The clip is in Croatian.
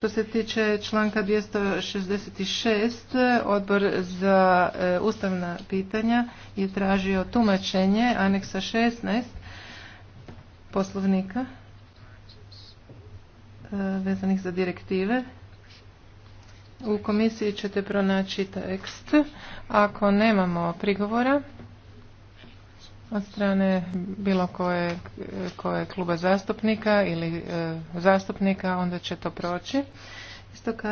Što se tiče članka 266, odbor za e, ustavna pitanja je tražio tumačenje aneksa 16 poslovnika e, vezanih za direktive. U komisiji ćete pronaći tekst. Ako nemamo prigovora, od strane bilo koje, koje kluba zastupnika ili e, zastupnika, onda će to proći. Isto